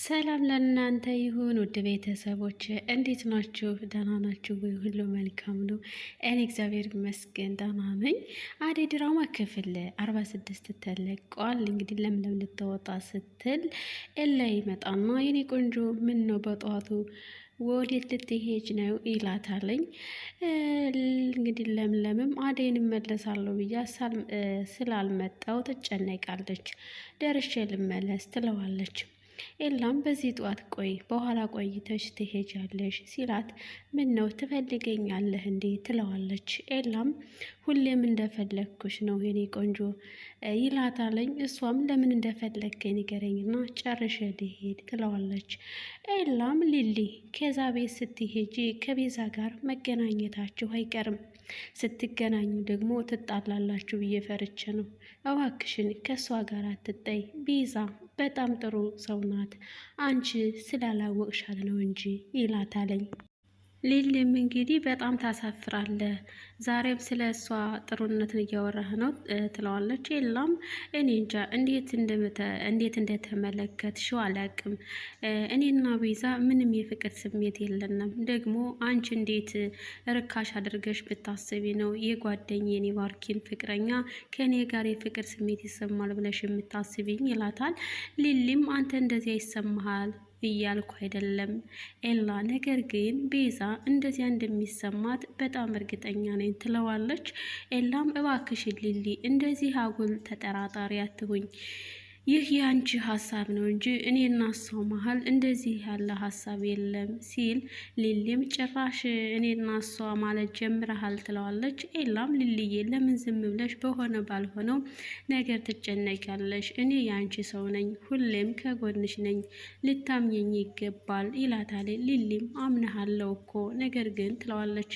ሰላም ለእናንተ ይሁን ውድ ቤተሰቦች፣ እንዴት ናችሁ? ደህና ናችሁ ወይ? ሁሉ መልካም ነው? እኔ እግዚአብሔር ይመስገን ደህና ነኝ። አደይ ድራማ ክፍል አርባ ስድስት ተለቋል። እንግዲህ ለምለም ልትወጣ ስትል እላይ ይመጣና የኔ ቆንጆ ምን ነው በጠዋቱ ወዴት ልትሄጅ ነው ይላታለኝ። እንግዲህ ለምለምም አደይን እመለሳለሁ ብያ ስላልመጣው ትጨነቃለች። ደርሼ ልመለስ ትለዋለች። ኤላም በዚህ ጠዋት ቆይ በኋላ ቆይተሽ ትሄጃለሽ ሲላት ምን ነው ትፈልገኛለህ እንዴ ትለዋለች። ኤላም ሁሌም እንደፈለግኩሽ ነው የኔ ቆንጆ ይላታለኝ። እሷም ለምን እንደፈለግከኝ ንገረኝና ጨርሸ ልሄድ ትለዋለች። ኤላም ሊሊ ከዛ ቤት ስትሄጂ ከቤዛ ጋር መገናኘታችሁ አይቀርም፣ ስትገናኙ ደግሞ ትጣላላችሁ ብዬ ፈርቼ ነው። እባክሽን ከእሷ ጋር አትጠይ ቤዛ በጣም ጥሩ ሰው ናት። አንቺ ስላላወቅሻት ነው እንጂ ይላታለኝ። ሊሊም እንግዲህ በጣም ታሳፍራለ ዛሬም ስለ እሷ ጥሩነትን እያወራህ ነው ትለዋለች። የላም እኔ እንጃ እንዴት እንደተመለከትሽው አላቅም። እኔና ቤዛ ምንም የፍቅር ስሜት የለንም። ደግሞ አንቺ እንዴት ርካሽ አድርገሽ ብታስቢ ነው የጓደኛዬን የባርኪን ፍቅረኛ ከእኔ ጋር የፍቅር ስሜት ይሰማል ብለሽ የምታስቢኝ? ይላታል። ሊሊም አንተ እንደዚያ ይሰማሃል እያልኩ አይደለም ኤላ፣ ነገር ግን ቤዛ እንደዚያ እንደሚሰማት በጣም እርግጠኛ ነኝ ትለዋለች። ኤላም እባክሽ ሊሊ፣ እንደዚህ አጉል ተጠራጣሪ አትሁኝ ይህ የአንቺ ሀሳብ ነው እንጂ እኔ እና ሰው መሀል እንደዚህ ያለ ሀሳብ የለም ሲል ሊሊም ጭራሽ እኔ እና እሷ ማለት ጀምረሃል ትለዋለች። ኤላም ሊልዬ ለምን ዝም ብለሽ በሆነ ባልሆነው ነገር ትጨነቂያለሽ? እኔ የአንቺ ሰው ነኝ፣ ሁሌም ከጎንሽ ነኝ፣ ልታምኘኝ ይገባል ይላታል። ሊሊም አምነሃለው እኮ ነገር ግን ትለዋለች።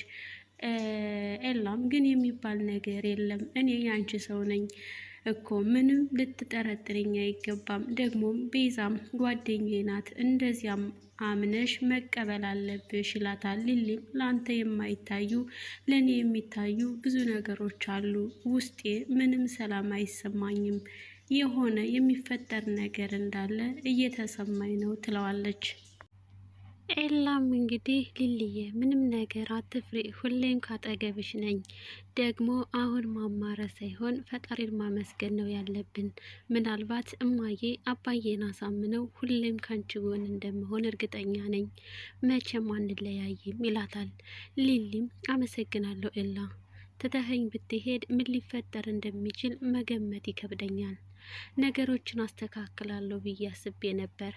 ኤላም ግን የሚባል ነገር የለም እኔ የአንቺ ሰው ነኝ እኮ ምንም ልትጠረጥርኝ አይገባም። ደግሞም ቤዛም ጓደኛ ናት፣ እንደዚያም አምነሽ መቀበል አለብሽ ይላታል። ሊሊም ለአንተ የማይታዩ ለእኔ የሚታዩ ብዙ ነገሮች አሉ። ውስጤ ምንም ሰላም አይሰማኝም። የሆነ የሚፈጠር ነገር እንዳለ እየተሰማኝ ነው ትለዋለች። ኤላም እንግዲህ ሊልዬ ምንም ነገር አትፍሪ፣ ሁሌም ካጠገብሽ ነኝ። ደግሞ አሁን ማማረ ሳይሆን ፈጣሪን ማመስገን ነው ያለብን። ምናልባት እማዬ አባዬን አሳምነው ሁሌም ካንቺ ጎን እንደምሆን እርግጠኛ ነኝ፣ መቼም አንለያይም ይላታል። ሊሊም አመሰግናለሁ ኤላ፣ ትተኸኝ ብትሄድ ምን ሊፈጠር እንደሚችል መገመት ይከብደኛል። ነገሮችን አስተካክላለሁ ብዬ አስቤ ነበር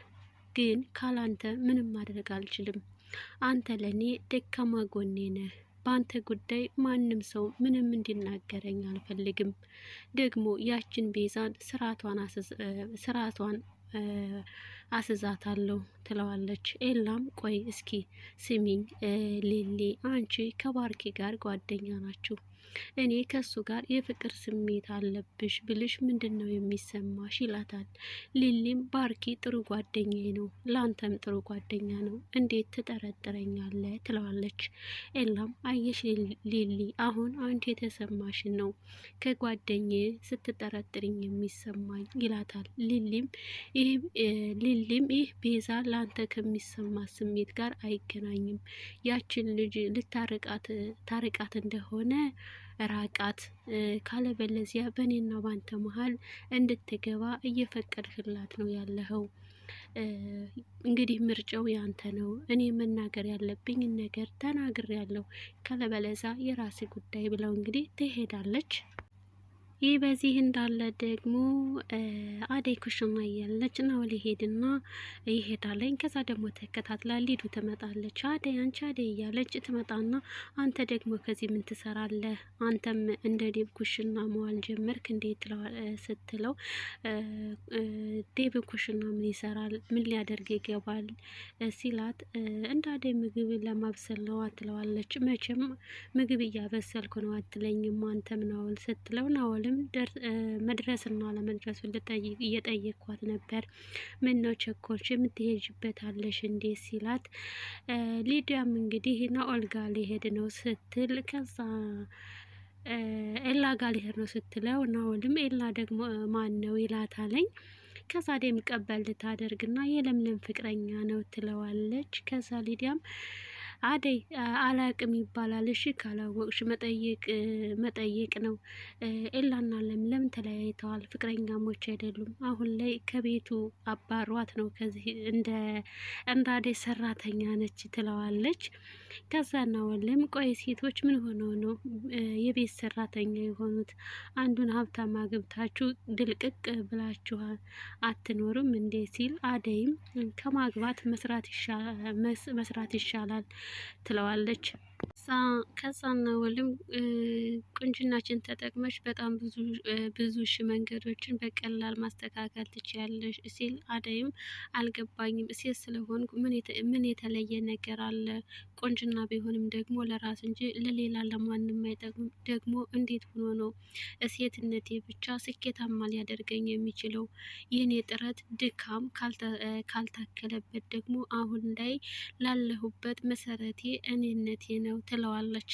ግን ካላንተ ምንም ማድረግ አልችልም። አንተ ለእኔ ደካማ ጎኔ ነህ። በአንተ ጉዳይ ማንም ሰው ምንም እንዲናገረኝ አልፈልግም። ደግሞ ያችን ቤዛን ስርዓቷን አስዛታለሁ ትለዋለች። ኤላም ቆይ እስኪ ስሚኝ ሊሊ፣ አንቺ ከባርኪ ጋር ጓደኛ ናችሁ እኔ ከእሱ ጋር የፍቅር ስሜት አለብሽ ብልሽ ምንድን ነው የሚሰማሽ? ይላታል። ሊሊም ባርኪ ጥሩ ጓደኛዬ ነው፣ ላንተም ጥሩ ጓደኛ ነው፣ እንዴት ትጠረጥረኛለህ? ትለዋለች። ኤላም አየሽ ሊሊ፣ አሁን አንቺ የተሰማሽን ነው ከጓደኛዬ ስትጠረጥርኝ የሚሰማኝ ይላታል። ሊሊም ሊሊም ይህ ቤዛ ላንተ ከሚሰማ ስሜት ጋር አይገናኝም። ያችን ልጅ ልታርቃት ታርቃት እንደሆነ ራቃት፣ ካለበለዚያ በእኔና ባንተ መሀል እንድትገባ እየፈቀድህላት ነው ያለኸው። እንግዲህ ምርጫው ያንተ ነው። እኔ መናገር ያለብኝ ነገር ተናግር ያለው ካለበለዛ የራሴ ጉዳይ ብለው እንግዲህ ትሄዳለች። ይህ በዚህ እንዳለ ደግሞ አደይ ኩሽና እያለች ናኦል ሄድና ይሄዳለኝ። ከዛ ደግሞ ተከታትላ ሊዱ ትመጣለች። አደይ አንቺ አደይ እያለች ትመጣና አንተ ደግሞ ከዚህ ምን ትሰራለህ? አንተም እንደ ዴብ ኩሽና መዋል ጀመርክ እንዴት ስትለው ዴብ ኩሽና ምን ይሰራል? ምን ሊያደርግ ይገባል? ሲላት እንደ አደይ ምግብ ለማብሰል ነው አትለዋለች መቼም ምግብ እያበሰልኩ ነው አትለኝም አንተም ናኦል ስትለው ናኦል አልችልም። መድረስና ለመድረሱ እየጠየኳት ነበር። ምን ነው ቸኮች የምትሄጅበት አለሽ እንዴ ሲላት፣ ሊዲያም እንግዲህ ና ኦልጋ ሊሄድ ነው ስትል ከዛ ኤላ ጋር ሊሄድ ነው ስትለው ናኦልም ኤላ ደግሞ ማን ነው ይላታለኝ። ከዛ ደም ቀበል ልታደርግና የለምለም ፍቅረኛ ነው ትለዋለች። ከዛ ሊዲያም አደይ አላቅም ይባላል። እሺ ካላወቅሽ መጠየቅ መጠየቅ ነው። ኤላና ለምለም ተለያይተዋል። ፍቅረኛሞች አይደሉም። አሁን ላይ ከቤቱ አባሯት ነው። ከዚህ እንደ እንደ አደይ ሰራተኛ ነች ትለዋለች። ከዛ እናወለም ቆይ ሴቶች ምን ሆነው ነው የቤት ሰራተኛ የሆኑት? አንዱን ሀብታም አግብታችሁ ድልቅቅ ብላችኋል አትኖሩም እንዴ ሲል አደይም ከማግባት መስራት ይሻላል ትለዋለች። ከሳና ወልም ቁንጅናችን ተጠቅመሽ በጣም ብዙ ሺ መንገዶችን በቀላል ማስተካከል ትችያለሽ ሲል አደይም አልገባኝም። ሴት ስለሆንኩ ምን የተለየ ነገር አለ? ቁንጅና ቢሆንም ደግሞ ለራስ እንጂ ለሌላ ለማንም አይጠቅም። ደግሞ እንዴት ሆኖ ነው እሴትነቴ ብቻ ስኬታማ ሊያደርገኝ የሚችለው? ይህኔ ጥረት ድካም ካልታከለበት ደግሞ አሁን ላይ ላለሁበት መሰረቴ እኔነቴ ነው ነው ትለዋለች።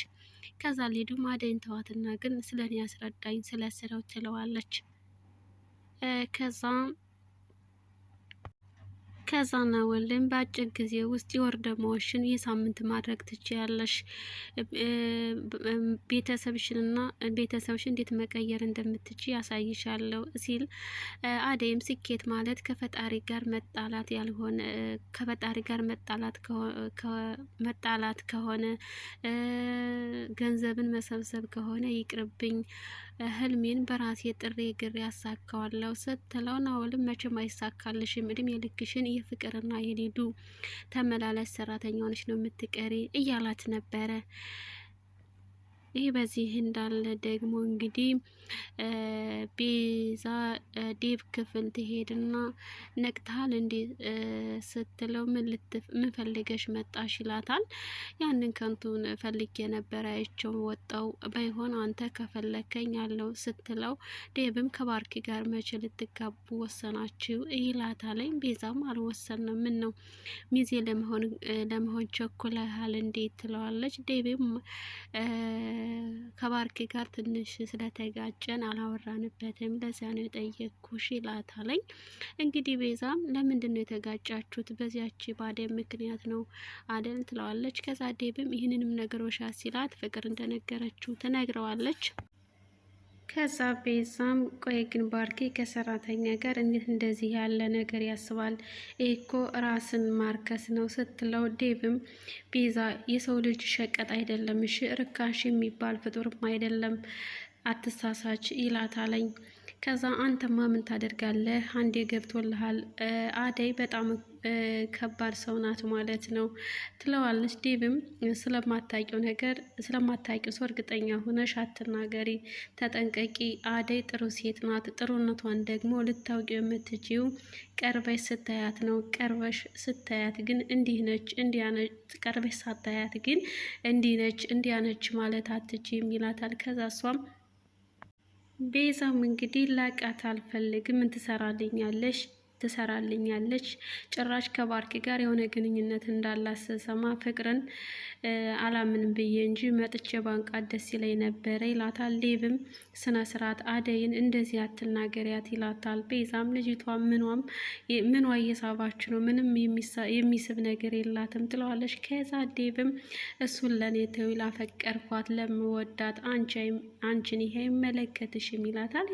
ከዛ ሊዱም አደይን ተዋትና ግን ስለኔ ያስረዳኝ ስለ ስራው ትለዋለች። ከዛም ከዛ ወልደን በአጭር ጊዜ ውስጥ የወር ደመወዝሽን የሳምንት ማድረግ ትችያለሽ። ቤተሰብሽንና ቤተሰብሽን እንዴት መቀየር እንደምትችይ ያሳይሻለሁ ሲል አደይም ስኬት ማለት ከፈጣሪ ጋር መጣላት ያልሆነ ከፈጣሪ ጋር መጣላት መጣላት ከሆነ ገንዘብን መሰብሰብ ከሆነ ይቅርብኝ፣ ህልሜን በራሴ ጥሬ ግሬ ያሳካዋለሁ ስትለው ናወልም መቼም አይሳካልሽም፣ እድሜ የልክሽን የፍቅርና የሊዱ ተመላላሽ ሰራተኛ ሆነች ነው የምትቀሪ እያላት ነበረ። ይህ በዚህ እንዳለ ደግሞ እንግዲህ ቤዛ ዴቭ ክፍል ትሄድና ነቅታል እንዲ ስትለው ምን ፈልገሽ መጣሽ ይላታል። ያንን ከንቱን ፈልግ የነበረ ያቸው ወጣው ባይሆን አንተ ከፈለከኝ ያለው ስትለው ዴቭም ከባርኪ ጋር መቼ ልትጋቡ ወሰናችሁ ይላታለኝ። ቤዛም አልወሰንም ምን ነው ሚዜ ለመሆን ለመሆን ቸኩለሃል እንዴት ትለዋለች። ዴቭም ከባርኬ ጋር ትንሽ ስለተጋጨን አላወራንበትም፣ ለዚያ ነው የጠየቅኩሽ ይላታለኝ። እንግዲህ ቤዛም ለምንድን ነው የተጋጫችሁት? በዚያች ባዴብ ምክንያት ነው አደል ትለዋለች። ከዛ ዴብም ይህንንም ነገሮሻ ሲላት ፍቅር እንደነገረችው ትነግረዋለች። ከዛ ቤዛም ቆይ ግን ባርኬ ከሰራተኛ ጋር እንዴት እንደዚህ ያለ ነገር ያስባል? ይህ እኮ ራስን ማርከስ ነው ስትለው፣ ዴብም ቤዛ የሰው ልጅ ሸቀጥ አይደለም፣ እሺ ርካሽ የሚባል ፍጡርም አይደለም፣ አትሳሳች ይላታለኝ። ከዛ አንተማ ምን ታደርጋለህ? አንዴ ገብቶልሃል አደይ በጣም ከባድ ሰው ናት ማለት ነው ትለዋለች። ዴብም ስለማታውቂው ነገር ስለማታውቂው ሰው እርግጠኛ ሆነሽ አትናገሪ፣ ተጠንቀቂ። አደይ ጥሩ ሴት ናት። ጥሩነቷን ደግሞ ልታውቂ የምትችው ቀርበሽ ስታያት ነው። ቀርበሽ ስታያት ግን እንዲህ ነች፣ ቀርበሽ ሳታያት ግን እንዲህ ነች፣ እንዲያነች ማለት አትችም ይላታል። ከዛ እሷም ቤዛም እንግዲህ ላቃት አልፈልግም፣ ምን ትሰራልኛለሽ ትሰራልኛለች። ጭራሽ ከባርክ ጋር የሆነ ግንኙነት እንዳላት ስሰማ ፍቅርን አላምን ብዬ እንጂ መጥቼ ባንቃት ደስ ይለኝ ነበረ ይላታል። ሌብም ስነ ስርዓት አደይን እንደዚህ አትናገሪያት ይላታል። ቤዛም ልጅቷ ምኗም ምኗ እየሳባች ነው ምንም የሚስብ ነገር የላትም ትለዋለች። ከዛ ዴብም እሱን ለእኔ ተው ላፈቀርኳት ለምወዳት አንቺን ይሄ አይመለከትሽም ይላታል።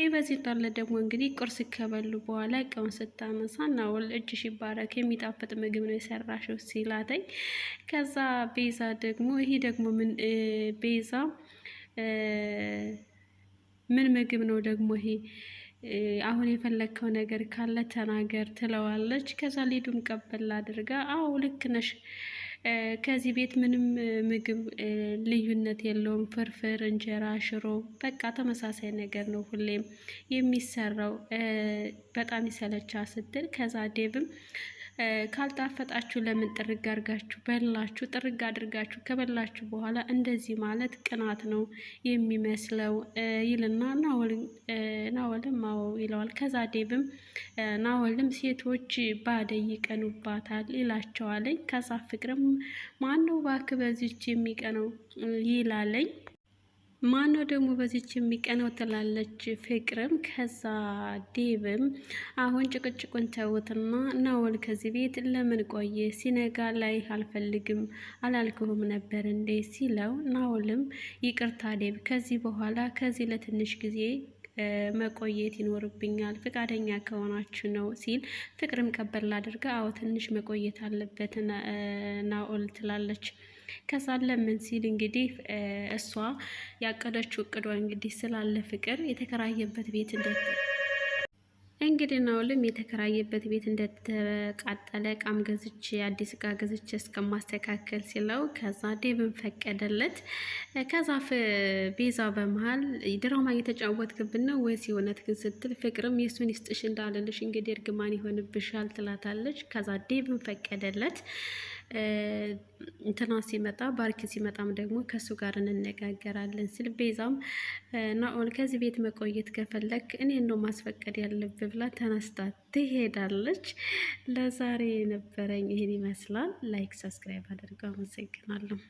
ይህ በዚህ እንዳለ ደግሞ እንግዲህ ቁርስ ከበሉ በኋላ እቃውን ስታነሳ ናውል እጅሽ ይባረክ የሚጣፍጥ ምግብ ነው የሰራሽው ሲላተኝ፣ ከዛ ቤዛ ደግሞ ይሄ ደግሞ ምን ቤዛ ምን ምግብ ነው ደግሞ ይሄ አሁን የፈለግከው ነገር ካለ ተናገር ትለዋለች። ከዛ ሊዱም ቀበል አድርጋ አዎ ልክ ነሽ ከዚህ ቤት ምንም ምግብ ልዩነት የለውም። ፍርፍር፣ እንጀራ፣ ሽሮ በቃ ተመሳሳይ ነገር ነው ሁሌም የሚሰራው። በጣም ይሰለቻ ስትል ከዛ ዴብም ካልጣፈጣችሁ ለምን ጥርግ አድርጋችሁ በላችሁ? ጥርግ አድርጋችሁ ከበላችሁ በኋላ እንደዚህ ማለት ቅናት ነው የሚመስለው ይልና ናወልም አዎ ይለዋል። ከዛ ዴብም ናወልም ሴቶች ባደ ይቀኑባታል ይላቸዋለኝ። ከዛ ፍቅርም ማነው ባክ በዚች የሚቀነው ይላለኝ። ማነው ደግሞ በዚች የሚቀነው ትላለች ፍቅርም። ከዛ ዴብም አሁን ጭቅጭቁን ተውትና ናወል ከዚህ ቤት ለምን ቆየ ሲነጋ ላይ አልፈልግም አላልክሁም ነበር እንዴ ሲለው ናወልም ይቅርታ ዴብ፣ ከዚህ በኋላ ከዚህ ለትንሽ ጊዜ መቆየት ይኖርብኛል ፍቃደኛ ከሆናችሁ ነው ሲል ፍቅርም ቀበል ላድርገ አዎ ትንሽ መቆየት አለበት ናኦል ትላለች። ከሳለ ምን ሲል እንግዲህ እሷ ያቀደችው እቅዷ እንግዲህ ስላለ ፍቅር የተከራየበት ቤት እንደ እንግዲህ ነው ልም የተከራየበት ቤት እንደተቃጠለ እቃም ገዝቼ አዲስ እቃ ገዝቼ እስከማስተካከል ሲለው ከዛ ዴብን ፈቀደለት። ከዛ ቤዛ በመሀል ድራማ እየተጫወትክብን ነው ወይስ የእውነት ግን ስትል ፍቅርም የሱን ይስጥሽ እንዳለልሽ እንግዲህ እርግማን ይሆንብሻል ትላታለች። ከዛ ዴብን ፈቀደለት። እንትና ሲመጣ ባርክ ሲመጣም ደግሞ ከእሱ ጋር እንነጋገራለን ስል ቤዛም ናኦል ከዚህ ቤት መቆየት ከፈለግ እኔ ነው ማስፈቀድ ያለብ ብላ ተነስታ ትሄዳለች። ለዛሬ የነበረኝ ይህን ይመስላል። ላይክ፣ ሰብስክራይብ አድርገው። አመሰግናለሁ።